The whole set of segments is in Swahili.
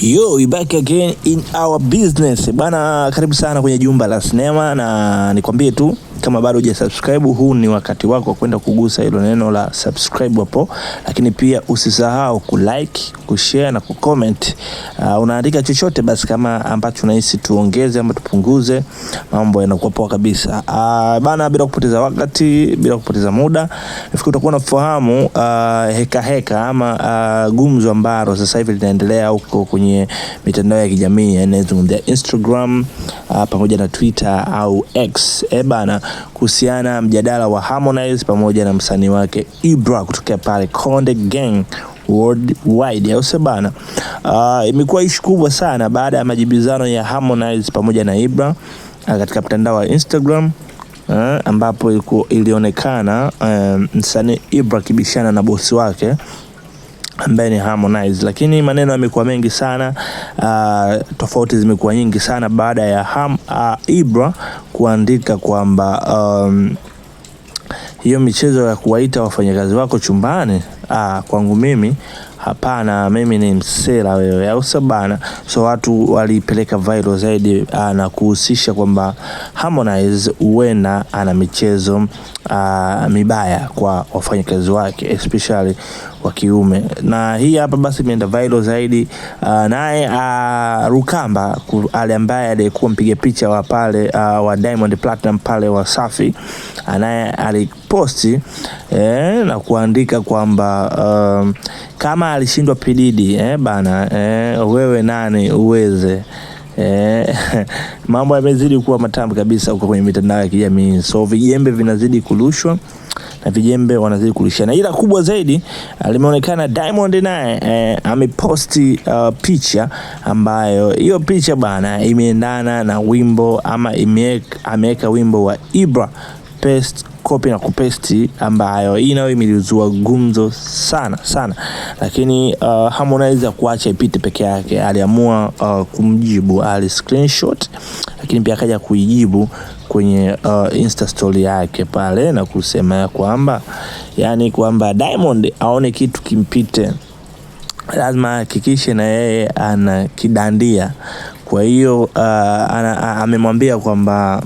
Yo, we back again in our business. Bana, karibu sana kwenye jumba la sinema na nikwambie tu kama bado hujasubscribe, huu ni wakati wako kwenda kugusa hilo neno la subscribe hapo, lakini pia usisahau kulike, kushare na kucomment. Uh, ah, unaandika chochote basi kama ambacho unahisi tuongeze ama tupunguze, mambo yanakuwa poa kabisa. Uh, bana, bila kupoteza wakati, bila kupoteza muda, nafikiri utakuwa unafahamu uh, ah, heka heka ama uh, gumzo ambalo sasa hivi linaendelea huko kwenye mitandao ya kijamii, yani Instagram uh, pamoja na Twitter au X. Eh, bana kuhusiana na mjadala wa Harmonize pamoja na msanii wake Ibra kutokea pale Konde Gang Worldwide au sebana. Uh, ah, imekuwa ishu kubwa sana baada ya majibizano ya Harmonize pamoja na Ibra uh, katika mtandao wa Instagram uh, ambapo ilionekana uh, msanii Ibra kibishana na bosi wake ambaye ni Harmonize, lakini maneno yamekuwa mengi sana uh, tofauti zimekuwa nyingi sana baada ya Ham, uh, Ibra kuandika kwamba um, hiyo michezo ya kuwaita wafanyakazi wako chumbani uh, kwangu mimi hapana, mimi ni msela wewe, au sabana. So watu walipeleka viral zaidi uh, na kuhusisha kwamba Harmonize huenda ana michezo uh, mibaya kwa wafanyakazi wake especially wa kiume, na hii hapa basi imeenda viral zaidi. Uh, naye uh, Rukamba ale ambaye aliyekuwa mpiga picha wa pale uh, wa Diamond Platinum pale Wasafi, anaye uh, aliposti eh, na kuandika kwamba um, kama alishindwa pididi eh, bana eh, wewe nani uweze eh, mambo yamezidi kuwa matamu kabisa huko kwenye mitandao ya kijamii, so vijembe vinazidi kurushwa na vijembe wanazidi kulishana, ila kubwa zaidi ah, limeonekana Diamond naye eh, ameposti uh, picha ambayo hiyo picha bana imeendana na wimbo ama ameweka wimbo wa Ibra paste, copy na kupesti, ambayo hii nayo imelizua gumzo sana sana, lakini uh, Harmonize ya kuacha ipite peke yake aliamua uh, kumjibu, ali screenshot, lakini pia akaja kuijibu kwenye uh, Insta story yake pale na kusema ya kwamba yani kwamba Diamond aone kitu kimpite, lazima hakikishe na yeye ana kidandia. Kwa hiyo uh, amemwambia kwamba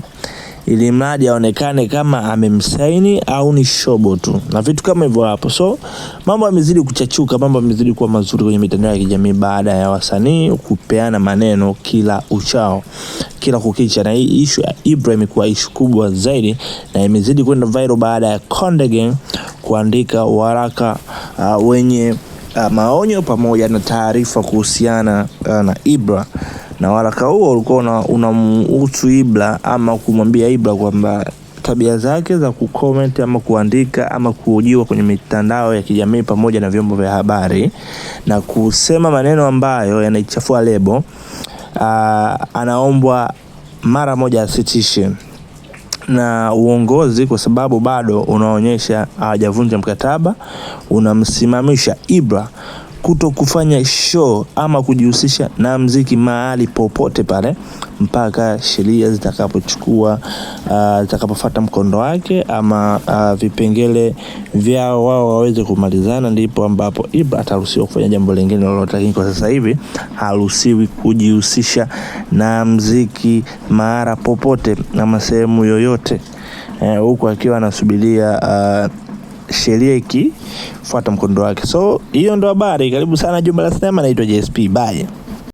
ili mradi aonekane kama amemsaini au ni shobo tu na vitu kama hivyo hapo. So mambo yamezidi kuchachuka, mambo yamezidi kuwa mazuri kwenye mitandao ya kijamii baada ya wasanii kupeana maneno kila uchao, kila kukicha, na hii ishu ya Ibra imekuwa ishu kubwa zaidi na imezidi kwenda viral baada ya Konde Gang kuandika waraka uh, wenye uh, maonyo pamoja na taarifa kuhusiana uh, na Ibra na waraka huo ulikuwa unamhusu Ibra ama kumwambia Ibra kwamba tabia zake za kucomment ama kuandika ama kuhojiwa kwenye mitandao ya kijamii pamoja na vyombo vya habari na kusema maneno ambayo yanaichafua lebo, ah, anaombwa mara moja asitishe na uongozi kwa sababu bado unaonyesha hawajavunja mkataba, unamsimamisha Ibra kuto kufanya show ama kujihusisha na mziki mahali popote pale mpaka sheria zitakapochukua uh, mkondo wake ama uh, vipengele vyao wao waweze kumalizana, ndipo ambapo Ibra ataruhusiwa kufanya jambo lingine lolote, lakini kwa sasa hivi haruhusiwi kujihusisha na mziki mahara popote ama sehemu yoyote eh, huku uh, akiwa anasubiria uh, sheria ikifuata mkondo wake. So hiyo ndo habari. Karibu sana Jumba la Sinema, naitwa JSP. Bye.